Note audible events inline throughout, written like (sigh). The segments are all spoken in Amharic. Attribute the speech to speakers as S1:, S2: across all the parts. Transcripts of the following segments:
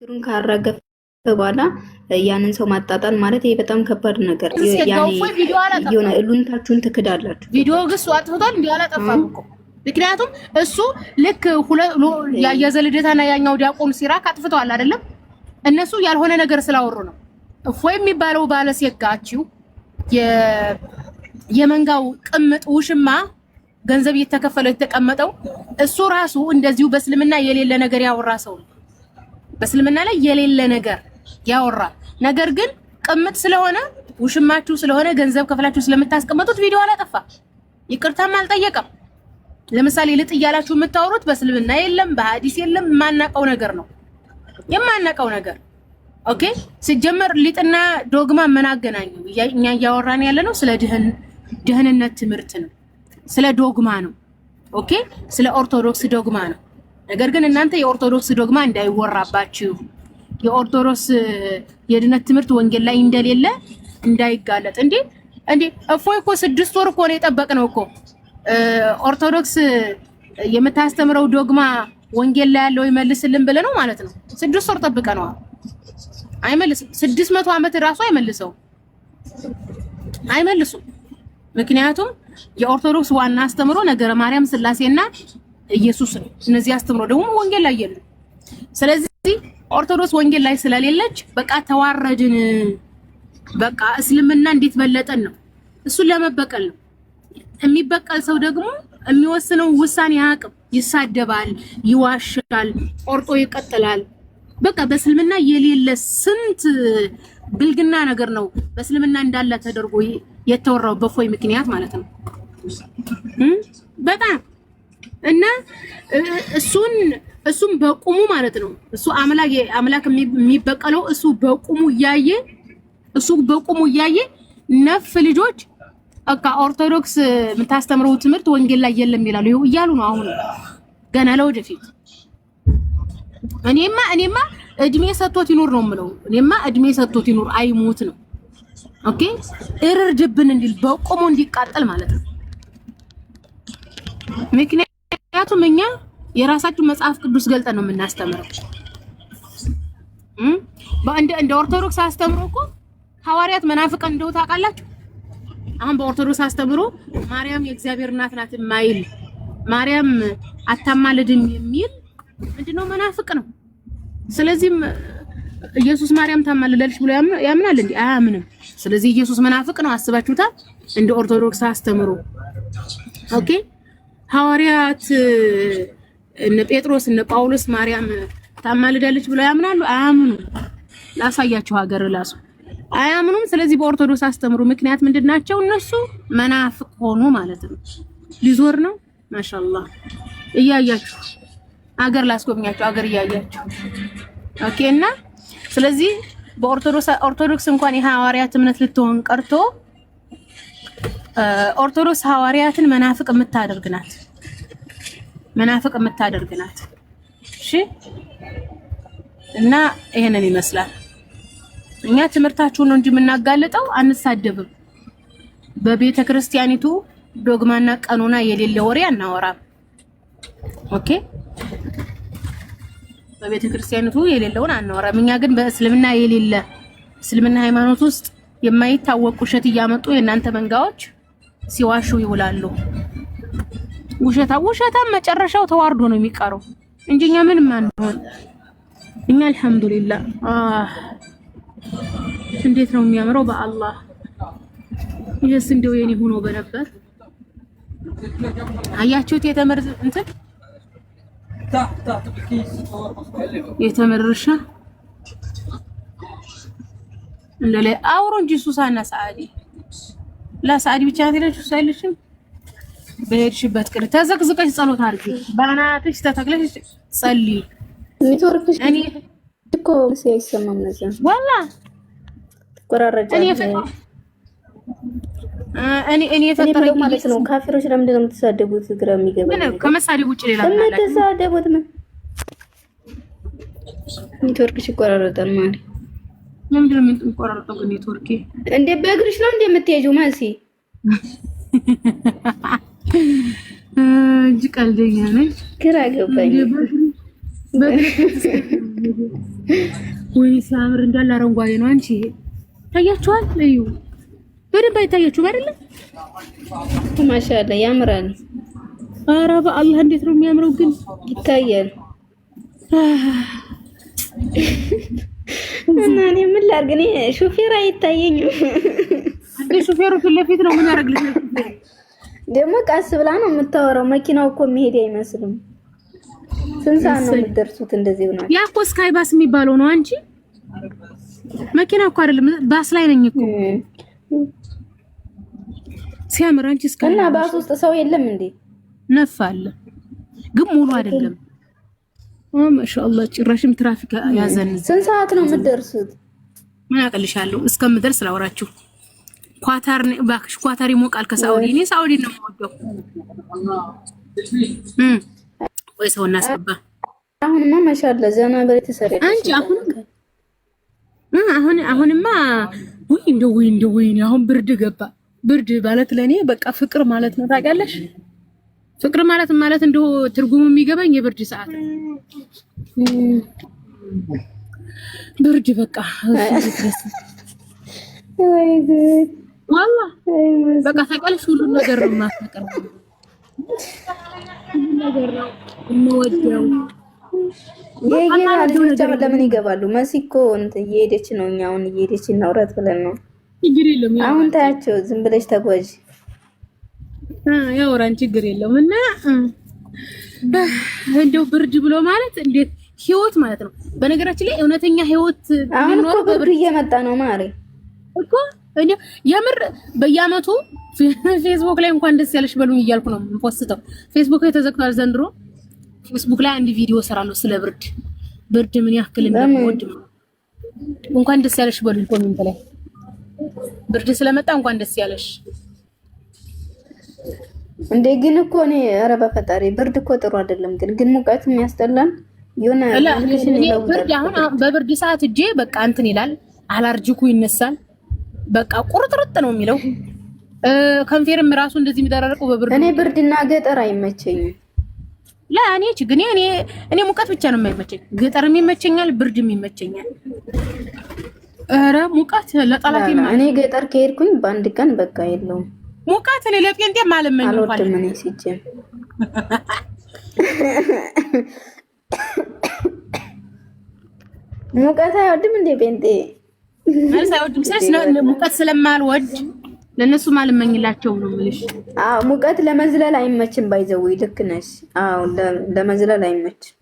S1: ችግሩን ካራገፈ በኋላ ያንን ሰው ማጣጣል ማለት ይሄ በጣም ከባድ ነገር የሆነ እሉንታችሁን ትክዳላችሁ። ቪዲዮ ግሱ አጥፍቷል እንዲ አላጠፋም እኮ ምክንያቱም እሱ ልክ ያየዘ ልደታና ያኛው ዲያቆም ሲራክ አጥፍተዋል አይደለም እነሱ ያልሆነ ነገር ስላወሩ ነው። እፎ የሚባለው ባለሴጋችሁ የመንጋው ቅምጥ ውሽማ ገንዘብ እየተከፈለው የተቀመጠው እሱ ራሱ እንደዚሁ በእስልምና የሌለ ነገር ያወራ ሰው ነው። በእስልምና ላይ የሌለ ነገር ያወራል። ነገር ግን ቅምጥ ስለሆነ ውሽማችሁ ስለሆነ ገንዘብ ከፍላችሁ ስለምታስቀምጡት ቪዲዮ አላጠፋ ይቅርታም አልጠየቀም። ለምሳሌ ልጥ እያላችሁ የምታወሩት በእስልምና የለም በሀዲስ የለም የማናቀው ነገር ነው የማናቀው ነገር ኦኬ። ሲጀመር ሊጥና ዶግማ ምን አገናኘው? እኛ እያወራን ያለ ነው ስለ ድህንነት ትምህርት ነው፣ ስለ ዶግማ ነው። ኦኬ፣ ስለ ኦርቶዶክስ ዶግማ ነው። ነገር ግን እናንተ የኦርቶዶክስ ዶግማ እንዳይወራባችሁ የኦርቶዶክስ የድነት ትምህርት ወንጌል ላይ እንደሌለ እንዳይጋለጥ። እንዴ እንዴ እፎይ እኮ ስድስት ወር እኮ ነው የጠበቅነው እኮ ኦርቶዶክስ የምታስተምረው ዶግማ ወንጌል ላይ ያለው ይመልስልን ብለ ነው ማለት ነው። ስድስት ወር ጠብቀነዋል። አይመልስም። ስድስት መቶ ዓመት ራሱ አይመልሰው አይመልሱም። ምክንያቱም የኦርቶዶክስ ዋና አስተምሮ ነገረ ማርያም ስላሴና ኢየሱስ ነው። እነዚህ አስተምሮ ደግሞ ወንጌል ላይ የሉ። ስለዚህ ኦርቶዶክስ ወንጌል ላይ ስለሌለች በቃ ተዋረድን። በቃ እስልምና እንዴት በለጠን ነው፣ እሱን ለመበቀል ነው። የሚበቀል ሰው ደግሞ የሚወስነው ውሳኔ አያውቅም። ይሳደባል፣ ይዋሻል፣ ቆርጦ ይቀጥላል። በቃ በእስልምና የሌለ ስንት ብልግና ነገር ነው በእስልምና እንዳለ ተደርጎ የተወራው በፎይ ምክንያት ማለት ነው በጣም እና እሱን እሱም በቁሙ ማለት ነው። እሱ አምላክ አምላክ የሚበቀለው እሱ በቁሙ እያየ እሱ በቁሙ እያየ ነፍ ልጆች በቃ ኦርቶዶክስ የምታስተምረው ትምህርት ወንጌል ላይ የለም ይላሉ እያሉ ነው። አሁን ገና ለወደፊት እኔማ እኔማ እድሜ ሰጥቶት ይኖር ነው የምለው። እኔማ እድሜ ሰጥቶት ይኖር አይሞት ነው። ኦኬ እርር ድብን እንዲል በቁሙ እንዲቃጠል ማለት ነው ምክንያት ምክንያቱም እኛ የራሳችን መጽሐፍ ቅዱስ ገልጠን ነው የምናስተምረው። እንደ ኦርቶዶክስ አስተምሮ እኮ ሐዋርያት መናፍቀን እንደው ታውቃላችሁ። አሁን በኦርቶዶክስ አስተምሮ ማርያም የእግዚአብሔር እናት ናት የማይል ማርያም አታማልድም የሚል ምንድነው መናፍቅ ነው። ስለዚህም ኢየሱስ ማርያም ታማልዳለች ብሎ ያምናል እንዴ? አያምንም። ስለዚህ ኢየሱስ መናፍቅ ነው። አስባችሁታል? እንደ ኦርቶዶክስ አስተምሮ ኦኬ ሐዋርያት እነ ጴጥሮስ እነ ጳውሎስ ማርያም ታማልዳለች ብለው ያምናሉ? አያምኑ። ላሳያቸው ሀገር ላሱ አያምኑም። ስለዚህ በኦርቶዶክስ አስተምሩ ምክንያት ምንድን ናቸው? እነሱ መናፍቅ ሆኑ ማለት ነው። ሊዞር ነው። ማሻአላህ እያያችሁ አገር ላስጎብኛቸው፣ አገር እያያችሁ ኦኬ። እና ስለዚህ በኦርቶዶክስ ኦርቶዶክስ እንኳን የሐዋርያት እምነት ልትሆን ቀርቶ ኦርቶዶክስ ሐዋርያትን መናፍቅ የምታደርግ ናት። መናፍቅ የምታደርግ ናት። እሺ። እና ይሄንን ይመስላል። እኛ ትምህርታችሁን ነው እንጂ የምናጋልጠው፣ አንሳደብም። በቤተ ክርስቲያኒቱ ዶግማና ቀኖና የሌለ ወሬ አናወራም። ኦኬ። በቤተ ክርስቲያኒቱ የሌለውን አናወራም። እኛ ግን በእስልምና የሌለ እስልምና ሃይማኖት ውስጥ የማይታወቅ ውሸት እያመጡ የእናንተ መንጋዎች ሲዋሹ ይውላሉ። ውሸታ ውሸታም መጨረሻው ተዋርዶ ነው የሚቀረው እንጂ እኛ ምንም አንሆን። እኛ አልሐምዱሊላህ እንዴት ነው የሚያምረው! በአላህ ይህስ እንደው የኔ ሆኖ በነበር አያችሁት? የተምር እንትን የተምር እርሻ እንደላይ አውሮ እንጂ ሱሳና ሰዓዲ ለሰዓዲ ብቻ ናት ሄደሽ እሱ አይልሽም። በሄድሽበት ቅር ተዘቅዝቀሽ ጸሎት አድርጊ። በእናትሽ ተተክለሽ ጸልይ። ኔትወርክሽ እኮ አይሰማም ነበር ዋላ ቆራረጫ እኔ እኔ የፈጠረኝ ማለት ነው። ካፊሮች ለምንድን ነው የምትሳደቡት? ግራ የሚገባ ምን ከመሳደብ ውጭ ሌላ ምን ተሳደቡት? ምን ኔትወርክሽ ይቆራረጣል ማለት ለምንድነው የምትቆራረጠው? ግን ኔትወርኬ እንደ በእግርሽ ነው እንደምትሄጂው መልሲ እጅ ቀልደኛ ነች። ግራ ገባኝ። ወይ ሲያምር እንዳለ አረንጓዴ ነው። አንቺ ይሄ ታያችኋል? እዩ በደንብ አይታያችሁም አይደለ? ማሻአላ ያምራል። ኧረ በአላህ እንዴት ነው የሚያምረው! ግን ይታያል እና እኔ ምን ላድርግ? እኔ ሹፌር አይታየኝም። ሹፌሩ ፊት ለፊት ነው። ምን ያደርግልሽ? ደግሞ ቀስ ብላ ነው የምታወራው። መኪናው እኮ መሄድ አይመስልም። ስንት ሰዓት ነው የምትደርሱት? እንደዚህ ሆና ያ እኮ ስካይ ባስ የሚባለው ነው። አንቺ መኪና እኮ አይደለም፣ ባስ ላይ ነኝ እኮ ሲያምር። አንቺ ስካይ እና ባስ ውስጥ ሰው የለም እንዴ? ነፍ አለ ግን ሙሉ አይደለም። ማሻአላ ጭራሽም ትራፊክ ያዘን። ስንት ሰዓት ነው የምትደርሱት? ምን አቅልሻለሁ እስከምደርስ ላውራችሁ። ኳታር እባክሽ፣ ኳታር ይሞቃል ከሳውዲ። እኔ ሳውዲ ነው የምወደው። ወይ ሰው እናስገባ። አሁንማ ማሻአላ ዘና ብለሽ ትሰሪያለሽ አንቺ አሁን አሁን አሁንማ ውይ እንደው ውይ እንደው ውይ አሁን ብርድ ገባ። ብርድ ማለት ለእኔ በቃ ፍቅር ማለት ነው ታውቂያለሽ። ፍቅር ማለት ማለት እንደው ትርጉሙ የሚገባኝ የብርድ ሰዓት ብርድ በቃ ዋላ በቃ ታውቂያለሽ፣ ሁሉን ነገር ነው የማፈቅር ነገር ነው የምወደው። ለምን ይገባሉ? መሲ እኮ እየሄደች ነው። እኛ አሁን እየሄደች እናውራት ብለን ነው። አሁን ታያቸው፣ ዝም ብለሽ ተጓዥ ያወራን ችግር የለውም እና እንደው ብርድ ብሎ ማለት እንዴት ህይወት ማለት ነው። በነገራችን ላይ እውነተኛ ህይወት ቢኖር ብርድ እየመጣ ነው ማሬ እኮ የምር በየአመቱ ፌስቡክ ላይ እንኳን ደስ ያለሽ በሉኝ እያልኩ ነው የምፖስተው። ፌስቡክ ላይ ዘንድሮ። ፌስቡክ ላይ አንድ ቪዲዮ እሰራለሁ ስለ ብርድ ብርድ ምን ያክል እንደምወድ እንኳን ደስ ያለሽ በሉኝ ኮሜንት ላይ ብርድ ስለመጣ እንኳን ደስ ያለሽ እንዴ ግን እኮ እኔ ኧረ በፈጣሪ ብርድ እኮ ጥሩ አይደለም። ግን ግን ሙቀት የሚያስጠላን የሆነ ብርድ አሁን በብርድ ሰዓት እጄ በቃ እንትን ይላል፣ አላርጂኩ ይነሳል። በቃ ቁርጥርጥ ነው የሚለው ከንፌርም ራሱ እንደዚህ የሚደራረቀው በብርድ። እኔ ብርድና ገጠር አይመቸኝም። ላ እኔ እኔ እኔ ሙቀት ብቻ ነው የማይመቸኝ። ገጠርም ይመቸኛል፣ ብርድም ይመቸኛል። ኧረ ሙቀት ለጠላት እኔ ገጠር ከሄድኩኝ በአንድ ቀን በቃ የለውም ሙቀት እኔ ለጴንጤ ማለመኝ አልወድም። ሲጀም ሙቀት አይወድም እንዴ ጴንጤ ማለት አይወድም ስለሽ ሙቀት ስለማልወድ ለእነሱ ማልመኝላቸው ነው የምልሽ። አዎ ሙቀት ለመዝለል አይመችም። ባይዘው ልክ ነሽ። አዎ ለመዝለል አይመችም።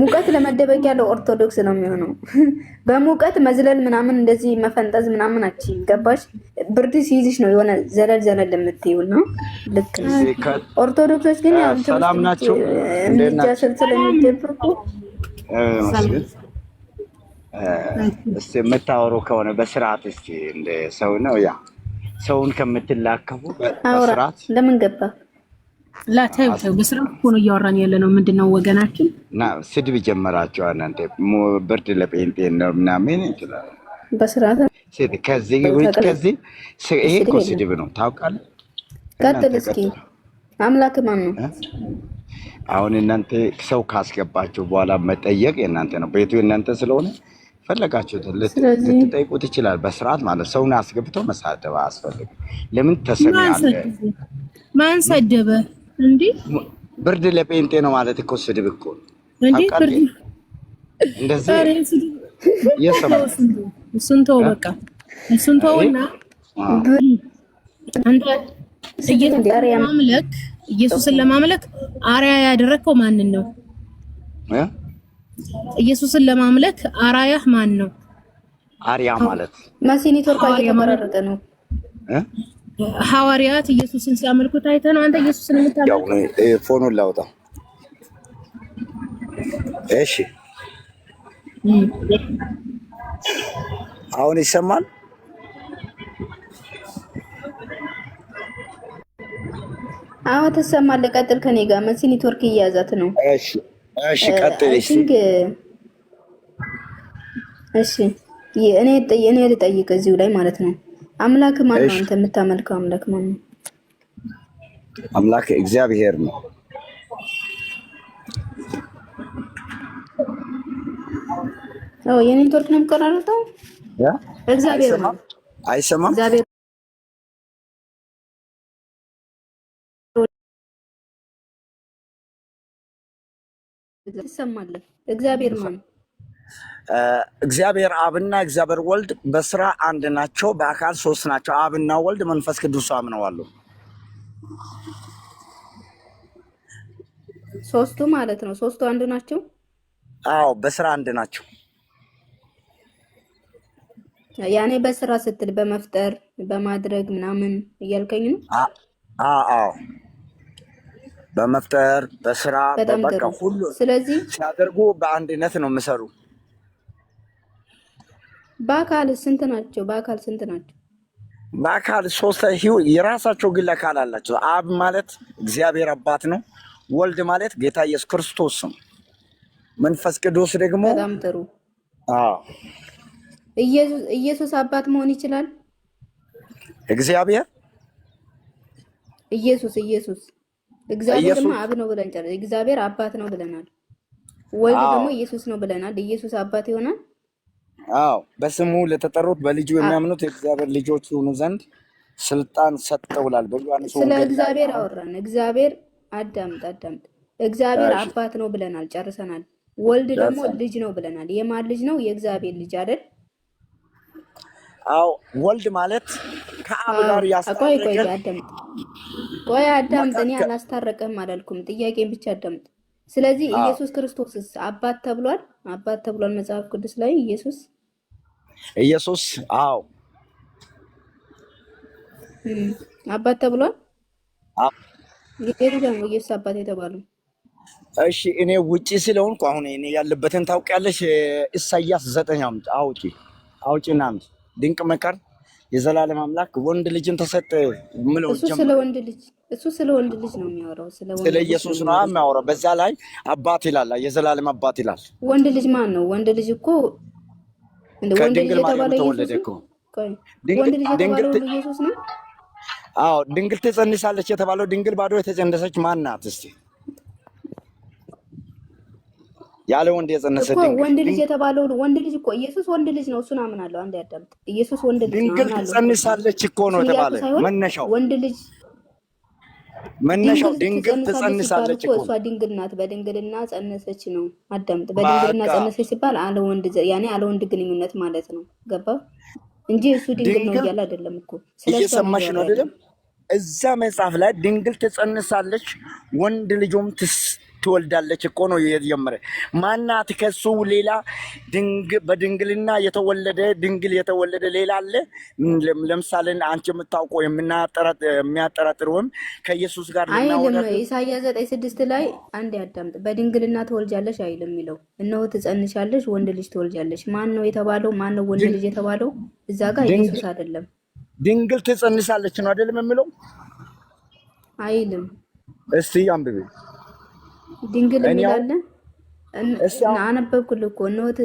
S1: ሙቀት ለመደበቅ ያለው ኦርቶዶክስ ነው የሚሆነው። (laughs) በሙቀት መዝለል ምናምን እንደዚህ መፈንጠዝ ምናምን አቺ ገባሽ? ብርድ ሲይዝሽ ነው የሆነ ዘለል ዘለል የምትይው ነው። ልክ ኦርቶዶክሶች ግን ሰላም ናቸው። እንጃ ስል ስለሚደብርኩ እስኪ የምታወሩ ከሆነ በስርዓት እስ እንደ ሰው ነው ያ ሰውን ከምትላከቡ በስርዓት ለምን ገባ ላታዩ በስርዓት ሆኖ እያወራን ያለ ነው። ምንድን ነው ወገናችን እና ስድብ ጀመራቸው። እናንተ ብርድ ለጴንጤ ነው ምናምን ይችላል። ከዚህ ይሄ እኮ ስድብ ነው ታውቃለህ። ቀጥል እስኪ አምላክ ማን ነው? አሁን እናንተ ሰው ካስገባችሁ በኋላ መጠየቅ የእናንተ ነው። ቤቱ የእናንተ ስለሆነ ፈለጋችሁት ልትጠይቁ ትችላል። በስርዓት ማለት ሰውን አስገብተው መሳደብ አያስፈልግም። ለምን ተሰሚያለ? ማን ሰደበ? እንዲህ ብርድ ለጴንጤ ነው ማለት እኮ ስድብ እኮ ነው። እሱን ተው በቃ፣ እሱን ኢየሱስን ለማምለክ አርያ ያደረግከው ማንን ነው? ኢየሱስን ለማምለክ አርያህ ማን ነው? አርያ ማለት መሲ ኔትወርክ ነው። ሐዋርያት ኢየሱስን ሲያመልኩት አይተ ነው አንተ ኢየሱስን የምታመልከው? ፎኑን ላውጣ እሺ አሁን ይሰማል? አዎ ትሰማለህ። ቀጥል። ከኔ ጋር መሲ ኔትወርክ እየያዛት ነው። እሺ እሺ፣ ቀጥል። እሺ እሺ፣ እኔ እኔ ልጠይቅ እዚሁ ላይ ማለት ነው። አምላክ ማን ነው? አንተ የምታመልከው አምላክ ማን ነው? አምላክ እግዚአብሔር ነው። የኔትወርክ ነው የሚቆራረጠው። እግዚአብሔር አይሰማም። እግዚአብሔር ይሰማል። እግዚአብሔር ማን? እግዚአብሔር አብና እግዚአብሔር ወልድ በስራ አንድ ናቸው፣ በአካል ሶስት ናቸው። አብና ወልድ መንፈስ ቅዱስ አምነዋሉ። ሶስቱ ማለት ነው። ሶስቱ አንድ ናቸው። አዎ፣ በስራ አንድ ናቸው። ያኔ በስራ ስትል በመፍጠር በማድረግ ምናምን እያልከኝ ነው? አዎ በመፍጠር በስራ በቃ ሁሉ ስለዚህ ሲያደርጉ በአንድነት ነው የምሰሩ። በአካል ስንት ናቸው? በአካል ስንት ናቸው? በአካል ሶስት የራሳቸው ግል አካል አላቸው። አብ ማለት እግዚአብሔር አባት ነው። ወልድ ማለት ጌታ ኢየሱስ ክርስቶስ ነው። መንፈስ ቅዱስ ደግሞ በጣም ጥሩ ኢየሱስ አባት መሆን ይችላል? እግዚአብሔር ኢየሱስ ኢየሱስ እግዚአብሔርማ አብ ነው ብለን ጨርሰን፣ እግዚአብሔር አባት ነው ብለናል። ወልድ ደግሞ ኢየሱስ ነው ብለናል። ኢየሱስ አባት ይሆናል? አዎ በስሙ ለተጠሩት በልጁ የሚያምኑት የእግዚአብሔር ልጆች ይሆኑ ዘንድ ስልጣን ሰጠውላል። በዮሐንስ ስለ እግዚአብሔር አወራን። እግዚአብሔር አዳምጥ አዳምጥ። እግዚአብሔር አባት ነው ብለናል፣ ጨርሰናል። ወልድ ደግሞ ልጅ ነው ብለናል። የማን ልጅ ነው? የእግዚአብሔር ልጅ አይደል? አዎ ወልድ ማለት ከአብ ጋር ያስታረቀ። ቆይ አዳምጥ፣ እኔ አላስታረቀም አላልኩም፣ ጥያቄን ብቻ አዳምጥ። ስለዚህ ኢየሱስ ክርስቶስስ አባት ተብሏል? አባት ተብሏል መጽሐፍ ቅዱስ ላይ ኢየሱስ ኢየሱስ አዎ አባት ተብሏል። የቱ ነው ኢየሱስ አባት የተባለው? እሺ እኔ ውጪ ስለሆንኩ አሁን እኔ ያለበትን ታውቂያለሽ። ኢሳያስ ዘጠኝ አውጪ አውጪ ናምት ድንቅ መካር የዘላለም አምላክ ወንድ ልጅን ተሰጠ ምለው እሱ ስለ ወንድ ልጅ እሱ ስለ ወንድ ልጅ ነው የሚያወራው። ስለ ኢየሱስ ነው የሚያወራው። በዛ ላይ አባት ይላል፣ የዘላለም አባት ይላል። ወንድ ልጅ ማን ነው? ወንድ ልጅ እኮ ከድንግል ማርያም ተወለደ እኮ አዎ ድንግል ትጸንሳለች የተባለው ድንግል ባዶ የተጸነሰች ማን ናት እስቲ? ያለ ወንድ የጸነሰ ወንድ ልጅ የተባለው ወንድ ልጅ እኮ ኢየሱስ ወንድ ልጅ ነው። እሱን አምናለሁ። አንድ ያዳምጥ። ኢየሱስ ወንድ ልጅ ድንግል ትጸንሳለች እኮ ነው የተባለ መነሻው ወንድ ልጅ መነሻው ድንግል ትጸንሳለች እኮ እሷ ድንግል ናት። በድንግልና ጸነሰች ነው። አዳምጥ። በድንግልና ጸነሰች ሲባል አለ ወንድ ያኔ አለ ወንድ ግንኙነት ማለት ነው። ገባ እንጂ እሱ ድንግል ነው እያለ አይደለም እኮ እየሰማሽ ነው አይደለም? እዛ መጽሐፍ ላይ ድንግል ትጸንሳለች ወንድ ልጆም ትስ ትወልዳለች እኮ ነው የጀመረ። ማናት? ከሱ ሌላ በድንግልና የተወለደ ድንግል የተወለደ ሌላ አለ? ለምሳሌ አንቺ የምታውቀው የሚያጠራጥር ወይም ከኢየሱስ ጋር አይልም። ኢሳያ ዘጠኝ ስድስት ላይ አንድ ያዳምጥ። በድንግልና ትወልጃለች አይልም የሚለው እነሆ ትጸንሻለች፣ ወንድ ልጅ ትወልጃለች። ማን ነው የተባለው? ማን ነው ወንድ ልጅ የተባለው? እዛ ጋር ኢየሱስ አይደለም። ድንግል ትጸንሳለች ነው አይደለም የሚለው አይልም። እስቲ አንብቤ ድንግል የሚላለን አነበብኩልህ እኮ ኖት